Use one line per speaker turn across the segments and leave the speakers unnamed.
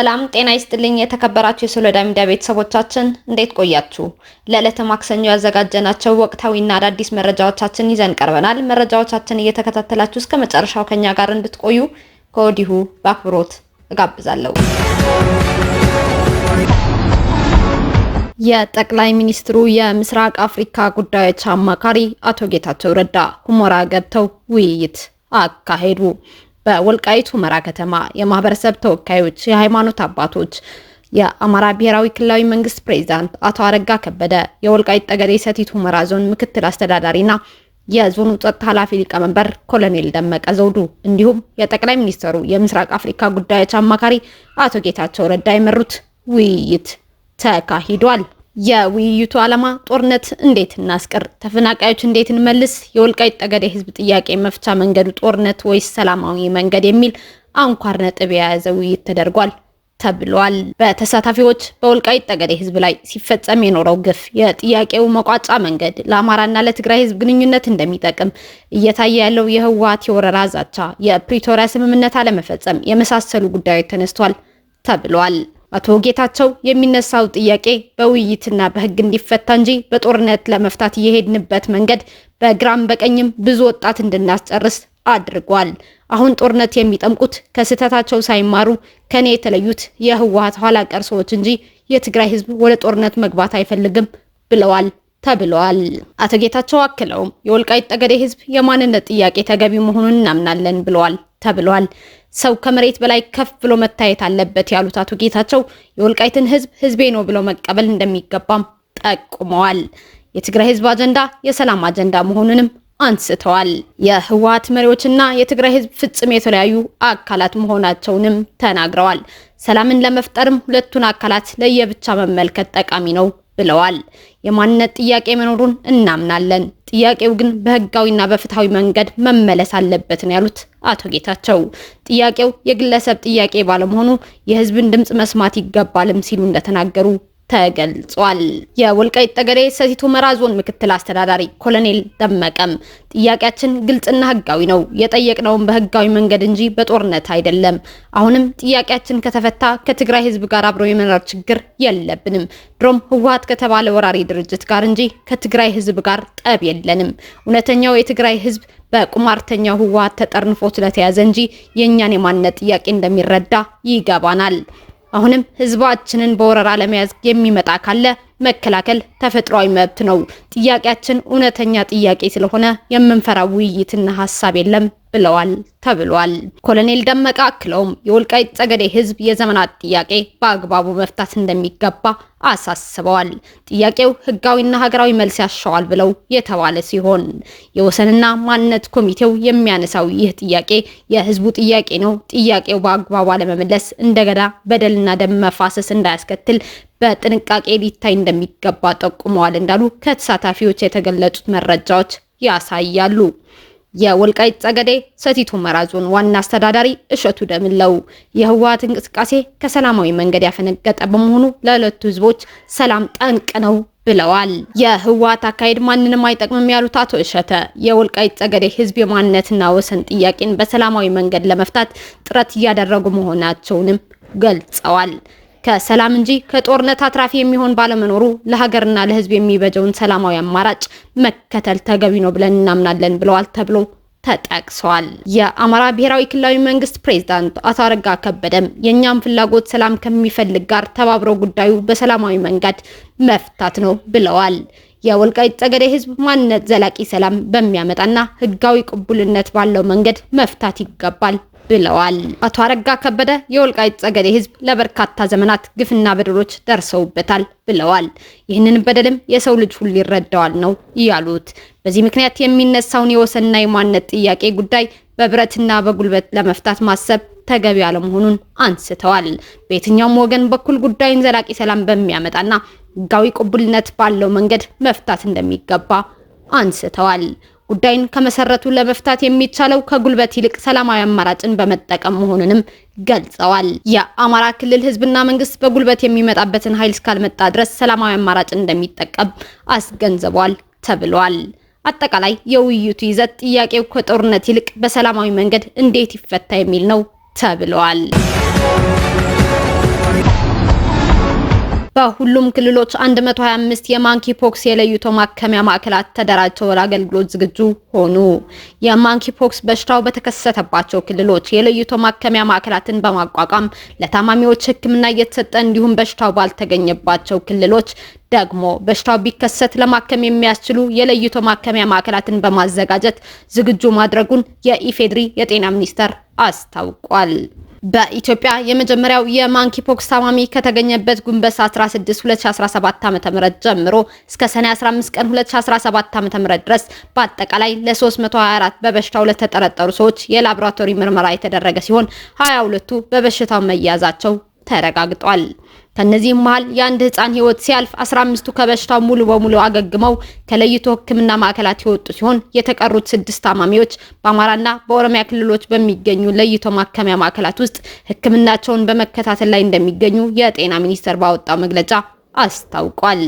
ሰላም ጤና ይስጥልኝ። የተከበራችሁ የሶሎዳ ሚዲያ ቤተሰቦቻችን እንዴት ቆያችሁ? ለዕለተ ማክሰኞ ያዘጋጀናቸው ወቅታዊና አዳዲስ መረጃዎቻችን ይዘን ቀርበናል። መረጃዎቻችን እየተከታተላችሁ እስከ መጨረሻው ከኛ ጋር እንድትቆዩ ከወዲሁ በአክብሮት እጋብዛለሁ። የጠቅላይ ሚኒስትሩ የምስራቅ አፍሪካ ጉዳዮች አማካሪ አቶ ጌታቸው ረዳ ሁመራ ገብተው ውይይት አካሄዱ። በወልቃይት ሁመራ ከተማ የማህበረሰብ ተወካዮች፣ የሃይማኖት አባቶች፣ የአማራ ብሔራዊ ክልላዊ መንግስት ፕሬዚዳንት አቶ አረጋ ከበደ፣ የወልቃይት ጠገዴ ሰቲት ሁመራ ዞን ምክትል አስተዳዳሪና የዞኑ ጸጥታ ኃላፊ ሊቀመንበር ኮሎኔል ደመቀ ዘውዱ እንዲሁም የጠቅላይ ሚኒስትሩ የምስራቅ አፍሪካ ጉዳዮች አማካሪ አቶ ጌታቸው ረዳ የመሩት ውይይት ተካሂዷል። የውይይቱ ዓላማ ጦርነት እንዴት እናስቀር፣ ተፈናቃዮች እንዴት እንመልስ፣ የወልቃይት ጠገዴ ህዝብ ጥያቄ መፍቻ መንገዱ ጦርነት ወይስ ሰላማዊ መንገድ የሚል አንኳር ነጥብ የያዘ ውይይት ተደርጓል ተብሏል። በተሳታፊዎች በወልቃይት ጠገዴ ህዝብ ላይ ሲፈጸም የኖረው ግፍ፣ የጥያቄው መቋጫ መንገድ፣ ለአማራና ለትግራይ ህዝብ ግንኙነት እንደሚጠቅም እየታየ ያለው የህወሓት የወረራ ዛቻ፣ የፕሪቶሪያ ስምምነት አለመፈጸም የመሳሰሉ ጉዳዮች ተነስቷል ተብሏል። አቶ ጌታቸው የሚነሳው ጥያቄ በውይይትና በህግ እንዲፈታ እንጂ በጦርነት ለመፍታት የሄድንበት መንገድ በግራም በቀኝም ብዙ ወጣት እንድናስጨርስ አድርጓል። አሁን ጦርነት የሚጠምቁት ከስህተታቸው ሳይማሩ ከኔ የተለዩት የህወሀት ኋላ ቀር ሰዎች እንጂ የትግራይ ህዝብ ወደ ጦርነት መግባት አይፈልግም ብለዋል ተብለዋል። አቶ ጌታቸው አክለውም የወልቃይት ጠገዴ ህዝብ የማንነት ጥያቄ ተገቢ መሆኑን እናምናለን ብለዋል ተብሏል። ሰው ከመሬት በላይ ከፍ ብሎ መታየት አለበት ያሉት አቶ ጌታቸው የወልቃይትን ህዝብ ህዝቤ ነው ብሎ መቀበል እንደሚገባም ጠቁመዋል። የትግራይ ህዝብ አጀንዳ የሰላም አጀንዳ መሆኑንም አንስተዋል። የህወሀት መሪዎችና የትግራይ ህዝብ ፍጹም የተለያዩ አካላት መሆናቸውንም ተናግረዋል። ሰላምን ለመፍጠርም ሁለቱን አካላት ለየብቻ መመልከት ጠቃሚ ነው ብለዋል። የማንነት ጥያቄ መኖሩን እናምናለን። ጥያቄው ግን በህጋዊና በፍትሐዊ መንገድ መመለስ አለበት ነው ያሉት አቶ ጌታቸው። ጥያቄው የግለሰብ ጥያቄ ባለመሆኑ የህዝብን ድምፅ መስማት ይገባልም ሲሉ እንደተናገሩ ተገልጿል። የወልቃይት ጠገዴ ሰቲት ሁመራ ዞን ምክትል አስተዳዳሪ ኮሎኔል ደመቀም ጥያቄያችን ግልጽና ህጋዊ ነው፣ የጠየቅነውን በህጋዊ መንገድ እንጂ በጦርነት አይደለም። አሁንም ጥያቄያችን ከተፈታ ከትግራይ ህዝብ ጋር አብሮ የመኖር ችግር የለብንም። ድሮም ህወሀት ከተባለ ወራሪ ድርጅት ጋር እንጂ ከትግራይ ህዝብ ጋር ጠብ የለንም። እውነተኛው የትግራይ ህዝብ በቁማርተኛው ህወሀት ተጠርንፎ ስለተያዘ እንጂ የእኛን የማንነት ጥያቄ እንደሚረዳ ይገባናል። አሁንም ህዝባችንን በወረራ ለመያዝ የሚመጣ ካለ መከላከል ተፈጥሯዊ መብት ነው። ጥያቄያችን እውነተኛ ጥያቄ ስለሆነ የምንፈራው ውይይትና ሀሳብ የለም ብለዋል ተብሏል። ኮሎኔል ደመቀ አክለውም የወልቃይት ጠገዴ ህዝብ የዘመናት ጥያቄ በአግባቡ መፍታት እንደሚገባ አሳስበዋል። ጥያቄው ህጋዊና ሀገራዊ መልስ ያሻዋል ብለው የተባለ ሲሆን የወሰንና ማንነት ኮሚቴው የሚያነሳው ይህ ጥያቄ የህዝቡ ጥያቄ ነው። ጥያቄው በአግባቡ አለመመለስ እንደገና በደልና ደም መፋሰስ እንዳያስከትል በጥንቃቄ ሊታይ እንደሚገባ ጠቁመዋል እንዳሉ ከተሳታፊዎች የተገለጹት መረጃዎች ያሳያሉ። የወልቃይት ጸገዴ ሰቲት ሁመራ ዞን ዋና አስተዳዳሪ እሸቱ ደምለው የህወሓት እንቅስቃሴ ከሰላማዊ መንገድ ያፈነገጠ በመሆኑ ለሁለቱ ህዝቦች ሰላም ጠንቅ ነው ብለዋል። የህወሓት አካሄድ ማንንም አይጠቅምም ያሉት አቶ እሸተ የወልቃይት ጸገዴ ህዝብ የማንነትና ወሰን ጥያቄን በሰላማዊ መንገድ ለመፍታት ጥረት እያደረጉ መሆናቸውንም ገልጸዋል። ከሰላም እንጂ ከጦርነት አትራፊ የሚሆን ባለመኖሩ ለሀገርና ለሕዝብ የሚበጀውን ሰላማዊ አማራጭ መከተል ተገቢ ነው ብለን እናምናለን ብለዋል ተብሎ ተጠቅሰዋል። የአማራ ብሔራዊ ክልላዊ መንግስት ፕሬዝዳንት አቶ አረጋ ከበደም የእኛም ፍላጎት ሰላም ከሚፈልግ ጋር ተባብረው ጉዳዩ በሰላማዊ መንገድ መፍታት ነው ብለዋል። የወልቃይት ጠገዴ ህዝብ ማንነት ዘላቂ ሰላም በሚያመጣና ህጋዊ ቅቡልነት ባለው መንገድ መፍታት ይገባል ብለዋል። አቶ አረጋ ከበደ የወልቃይት ጸገዴ ህዝብ ለበርካታ ዘመናት ግፍና በደሎች ደርሰውበታል ብለዋል። ይህንን በደልም የሰው ልጅ ሁሉ ይረዳዋል ነው እያሉት በዚህ ምክንያት የሚነሳውን የወሰንና የማንነት ጥያቄ ጉዳይ በብረትና በጉልበት ለመፍታት ማሰብ ተገቢ አለመሆኑን አንስተዋል። በየትኛውም ወገን በኩል ጉዳዩን ዘላቂ ሰላም በሚያመጣና ህጋዊ ቅቡልነት ባለው መንገድ መፍታት እንደሚገባ አንስተዋል። ጉዳይን ከመሰረቱ ለመፍታት የሚቻለው ከጉልበት ይልቅ ሰላማዊ አማራጭን በመጠቀም መሆኑንም ገልጸዋል። የአማራ ክልል ህዝብና መንግስት በጉልበት የሚመጣበትን ኃይል እስካልመጣ ድረስ ሰላማዊ አማራጭ እንደሚጠቀም አስገንዝቧል ተብሏል። አጠቃላይ የውይይቱ ይዘት ጥያቄው ከጦርነት ይልቅ በሰላማዊ መንገድ እንዴት ይፈታ የሚል ነው ተብሏል።
በሁሉም ክልሎች 125 ፖክስ የለይቶ ማከሚያ ማዕከላት ተደራጅተው ለአገልግሎት ዝግጁ ሆኑ። ፖክስ በሽታው በተከሰተባቸው ክልሎች የለይቶ ማከሚያ ማዕከላትን በማቋቋም ለታማሚዎች ሕክምና እየተሰጠ እንዲሁም በሽታው ባልተገኘባቸው ክልሎች ደግሞ በሽታው ቢከሰት ለማከም የሚያስችሉ የለይቶ ማከሚያ ማዕከላትን በማዘጋጀት ዝግጁ ማድረጉን የኢፌድሪ የጤና ሚኒስቴር አስታውቋል። በኢትዮጵያ የመጀመሪያው የማንኪፖክስ ታማሚ ከተገኘበት ጉንበስ 16 2017 ዓ.ም ጀምሮ እስከ ሰኔ 15 ቀን 2017 ዓ.ም ድረስ በአጠቃላይ ለ324 በበሽታው ለተጠረጠሩ ሰዎች የላቦራቶሪ ምርመራ የተደረገ ሲሆን 22ቱ በበሽታው መያዛቸው ተረጋግጧል። ከነዚህም መሀል የአንድ ህፃን ህይወት ሲያልፍ 15ቱ ከበሽታው ሙሉ በሙሉ አገግመው ከለይቶ ህክምና ማዕከላት የወጡ ሲሆን የተቀሩት ስድስት ታማሚዎች በአማራና በኦሮሚያ ክልሎች በሚገኙ ለይቶ ማከሚያ ማዕከላት ውስጥ ህክምናቸውን በመከታተል ላይ እንደሚገኙ የጤና ሚኒስቴር ባወጣው መግለጫ አስታውቋል።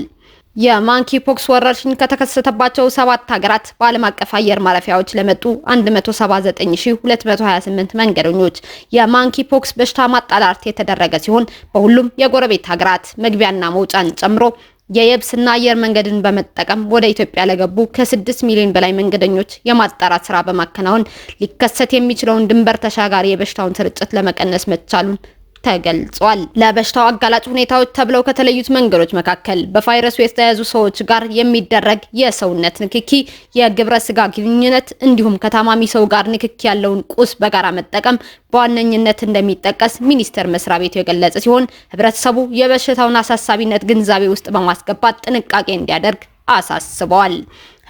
የማንኪ ፖክስ ወረርሽኝ ከተከሰተባቸው ሰባት ሀገራት በዓለም አቀፍ አየር ማረፊያዎች ለመጡ 179228 መንገደኞች የማንኪ ፖክስ በሽታ ማጣላርት የተደረገ ሲሆን በሁሉም የጎረቤት ሀገራት መግቢያና መውጫን ጨምሮ የየብስና አየር መንገድን በመጠቀም ወደ ኢትዮጵያ ለገቡ ከ6 ሚሊዮን በላይ መንገደኞች የማጣራት ስራ በማከናወን ሊከሰት የሚችለውን ድንበር ተሻጋሪ የበሽታውን ስርጭት ለመቀነስ መቻሉን ተገልጿል። ለበሽታው አጋላጭ ሁኔታዎች ተብለው ከተለዩት መንገዶች መካከል በቫይረሱ የተያዙ ሰዎች ጋር የሚደረግ የሰውነት ንክኪ፣ የግብረ ስጋ ግንኙነት እንዲሁም ከታማሚ ሰው ጋር ንክኪ ያለውን ቁስ በጋራ መጠቀም በዋነኝነት እንደሚጠቀስ ሚኒስቴር መስሪያ ቤቱ የገለጸ ሲሆን ህብረተሰቡ የበሽታውን አሳሳቢነት ግንዛቤ ውስጥ በማስገባት ጥንቃቄ እንዲያደርግ አሳስበዋል።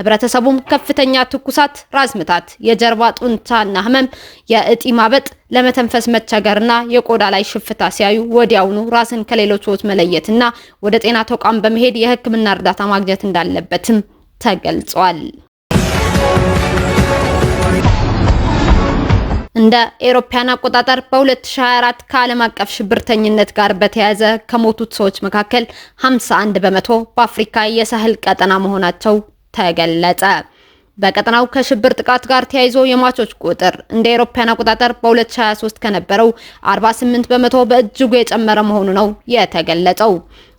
ህብረተሰቡም ከፍተኛ ትኩሳት፣ ራስ ምታት፣ የጀርባ ጡንቻና ህመም፣ የእጢ ማበጥ፣ ለመተንፈስ መቸገርና የቆዳ ላይ ሽፍታ ሲያዩ ወዲያውኑ ራስን ከሌሎች ሰዎች መለየትና ወደ ጤና ተቋም በመሄድ የህክምና እርዳታ ማግኘት እንዳለበትም ተገልጿል።
እንደ ኤሮፓያን አቆጣጠር በ2024 ከዓለም አቀፍ ሽብርተኝነት ጋር በተያያዘ ከሞቱት ሰዎች መካከል 51 በመቶ በአፍሪካ የሳህል ቀጠና መሆናቸው ተገለጸ። በቀጠናው ከሽብር ጥቃት ጋር ተያይዞ የሟቾች ቁጥር እንደ አውሮፓውያን አቆጣጠር በ2023 ከነበረው 48 በመቶ በእጅጉ የጨመረ መሆኑ ነው የተገለጸው።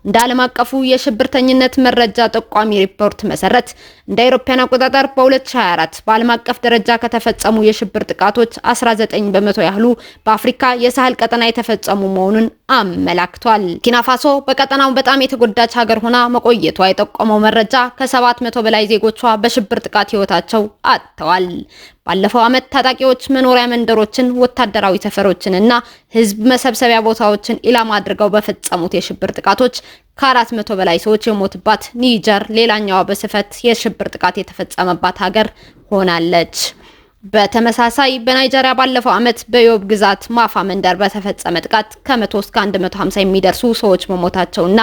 እንደ ዓለም አቀፉ የሽብርተኝነት መረጃ ጠቋሚ ሪፖርት መሰረት እንደ አውሮፓውያን አቆጣጠር በ2024 በዓለም አቀፍ ደረጃ ከተፈጸሙ የሽብር ጥቃቶች 19 በመቶ ያህሉ በአፍሪካ የሳህል ቀጠና የተፈጸሙ መሆኑን አመላክቷል። ቡርኪና በቀጠናው በጣም የተጎዳች ሀገር ሆና መቆየቷ የጠቆመው መረጃ ከ700 በላይ ዜጎቿ በሽብር ጥቃት ህይወታቸው አጥተዋል። ባለፈው ዓመት ታጣቂዎች መኖሪያ መንደሮችን፣ ወታደራዊ ሰፈሮችን እና ህዝብ መሰብሰቢያ ቦታዎችን ኢላማ አድርገው በፈጸሙት የሽብር ጥቃቶች ከአራት መቶ በላይ ሰዎች የሞትባት ኒጀር ሌላኛዋ በስፋት የሽብር ጥቃት የተፈጸመባት ሀገር ሆናለች። በተመሳሳይ በናይጀሪያ ባለፈው ዓመት በዮብ ግዛት ማፋ መንደር በተፈጸመ ጥቃት ከ100 እስከ 150 የሚደርሱ ሰዎች መሞታቸውና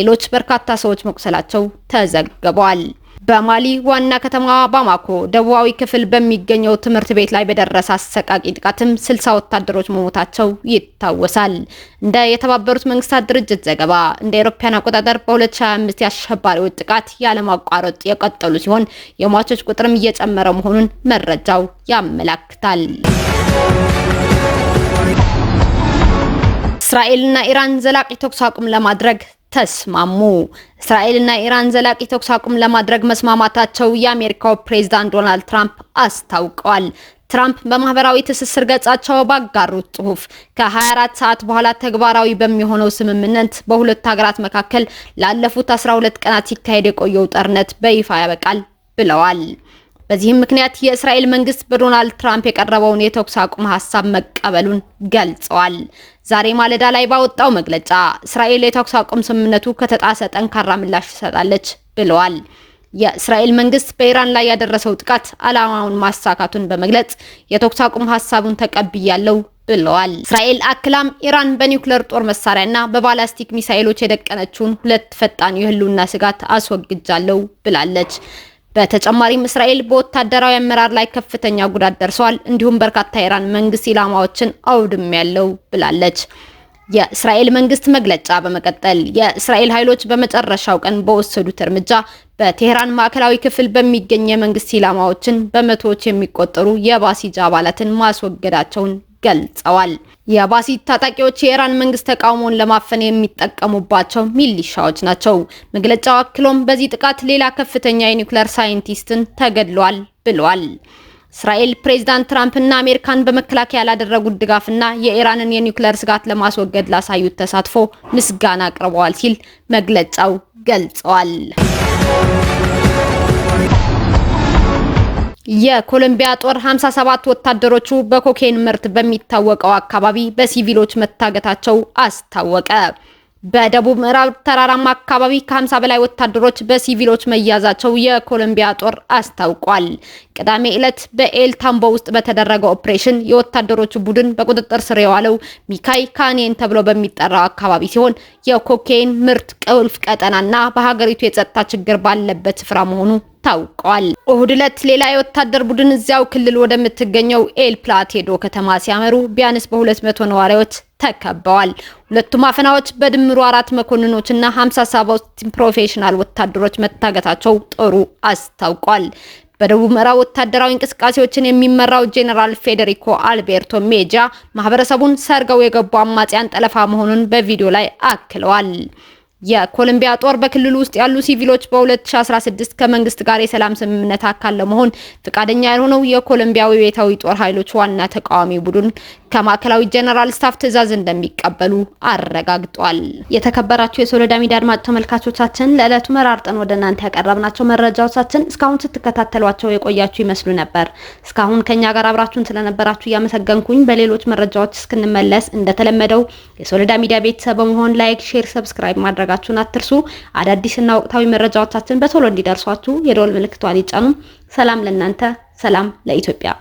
ሌሎች በርካታ ሰዎች መቁሰላቸው ተዘግበዋል። በማሊ ዋና ከተማ ባማኮ ደቡባዊ ክፍል በሚገኘው ትምህርት ቤት ላይ በደረሰ አሰቃቂ ጥቃትም ስልሳ ወታደሮች መሞታቸው ይታወሳል። እንደ የተባበሩት መንግስታት ድርጅት ዘገባ እንደ አውሮፓውያን አቆጣጠር በ2025 የአሸባሪዎች ጥቃት ያለማቋረጥ የቀጠሉ ሲሆን የሟቾች ቁጥርም እየጨመረ መሆኑን መረጃው ያመላክታል።
እስራኤልና ኢራን ዘላቂ ተኩስ አቁም ለማድረግ ተስማሙ። እስራኤልና ኢራን ዘላቂ ተኩስ አቁም ለማድረግ መስማማታቸው የአሜሪካው ፕሬዝዳንት ዶናልድ ትራምፕ አስታውቀዋል። ትራምፕ በማህበራዊ ትስስር ገጻቸው ባጋሩት ጽሁፍ ከ24 ሰዓት በኋላ ተግባራዊ በሚሆነው ስምምነት በሁለቱ ሀገራት መካከል ላለፉት 12 ቀናት ሲካሄድ የቆየው ጦርነት በይፋ ያበቃል ብለዋል። በዚህም ምክንያት የእስራኤል መንግስት በዶናልድ ትራምፕ የቀረበውን የተኩስ አቁም ሀሳብ መቀበሉን ገልጸዋል። ዛሬ ማለዳ ላይ ባወጣው መግለጫ እስራኤል የተኩስ አቁም ስምምነቱ ከተጣሰ ጠንካራ ምላሽ ትሰጣለች ብለዋል። የእስራኤል መንግስት በኢራን ላይ ያደረሰው ጥቃት ዓላማውን ማሳካቱን በመግለጽ የተኩስ አቁም ሀሳቡን ተቀብያለው ብለዋል። እስራኤል አክላም ኢራን በኒውክሌር ጦር መሳሪያና በባላስቲክ ሚሳኤሎች የደቀነችውን ሁለት ፈጣን የህልውና ስጋት አስወግጃለው ብላለች። በተጨማሪም እስራኤል በወታደራዊ አመራር ላይ ከፍተኛ ጉዳት ደርሰዋል፣ እንዲሁም በርካታ ኢራን መንግስት ኢላማዎችን አውድም ያለው ብላለች። የእስራኤል መንግስት መግለጫ በመቀጠል የእስራኤል ኃይሎች በመጨረሻው ቀን በወሰዱት እርምጃ በቴህራን ማዕከላዊ ክፍል በሚገኝ የመንግስት ኢላማዎችን በመቶዎች የሚቆጠሩ የባሲጅ አባላትን ማስወገዳቸውን ገልጸዋል። የአባሲት ታጣቂዎች የኢራን መንግስት ተቃውሞውን ለማፈን የሚጠቀሙባቸው ሚሊሻዎች ናቸው። መግለጫው አክሎም በዚህ ጥቃት ሌላ ከፍተኛ የኒውክሌር ሳይንቲስትን ተገድሏል ብሏል። እስራኤል ፕሬዝዳንት ትራምፕ እና አሜሪካን በመከላከያ ላደረጉት ድጋፍና የኢራንን የኒውክሌር ስጋት ለማስወገድ ላሳዩት ተሳትፎ ምስጋና አቅርበዋል ሲል መግለጫው ገልጸዋል።
የኮሎምቢያ ጦር 57 ወታደሮቹ በኮኬን ምርት በሚታወቀው አካባቢ በሲቪሎች መታገታቸው አስታወቀ። በደቡብ ምዕራብ ተራራማ አካባቢ ከ50 በላይ ወታደሮች በሲቪሎች መያዛቸው የኮሎምቢያ ጦር አስታውቋል። ቅዳሜ ዕለት በኤል ታምቦ ውስጥ በተደረገ ኦፕሬሽን የወታደሮቹ ቡድን በቁጥጥር ስር የዋለው ሚካይ ካኔን ተብሎ በሚጠራው አካባቢ ሲሆን የኮኬይን ምርት ቁልፍ ቀጠናና በሀገሪቱ የጸጥታ ችግር ባለበት ስፍራ መሆኑ ታውቋል። እሁድ ዕለት ሌላ የወታደር ቡድን እዚያው ክልል ወደምትገኘው ኤል ፕላቴዶ ከተማ ሲያመሩ ቢያንስ በሁለት መቶ ነዋሪዎች ተከበዋል። ሁለቱም አፈናዎች በድምሩ አራት መኮንኖችና 57 ፕሮፌሽናል ወታደሮች መታገታቸው ጦሩ አስታውቋል። በደቡብ ምዕራብ ወታደራዊ እንቅስቃሴዎችን የሚመራው ጄኔራል ፌዴሪኮ አልቤርቶ ሜጃ ማህበረሰቡን ሰርገው የገቡ አማጽያን ጠለፋ መሆኑን በቪዲዮ ላይ አክለዋል። የኮሎምቢያ ጦር በክልሉ ውስጥ ያሉ ሲቪሎች በ2016 ከመንግስት ጋር የሰላም ስምምነት አካል ለመሆን ፍቃደኛ ያልሆነው የኮሎምቢያ ቤታዊ ጦር ኃይሎች ዋና ተቃዋሚ ቡድን ከማዕከላዊ ጀነራል ስታፍ ትዕዛዝ እንደሚቀበሉ አረጋግጧል። የተከበራችሁ የሶሎዳ ሚዲያ አድማጭ ተመልካቾቻችን ለዕለቱ መራርጠን ወደ እናንተ ያቀረብናቸው መረጃዎቻችን እስካሁን ስትከታተሏቸው የቆያችሁ ይመስሉ ነበር። እስካሁን ከኛ ጋር አብራችሁን ስለነበራችሁ እያመሰገንኩኝ በሌሎች መረጃዎች እስክንመለስ እንደተለመደው የሶሎዳ ሚዲያ ቤተሰብ በመሆን ላይክ፣ ሼር፣ ሰብስክራይብ ማድረጋችሁን አትርሱ። አዳዲስና ወቅታዊ መረጃዎቻችን በቶሎ እንዲደርሷችሁ የደወል ምልክቷን ይጫኑ። ሰላም ለእናንተ፣ ሰላም ለኢትዮጵያ።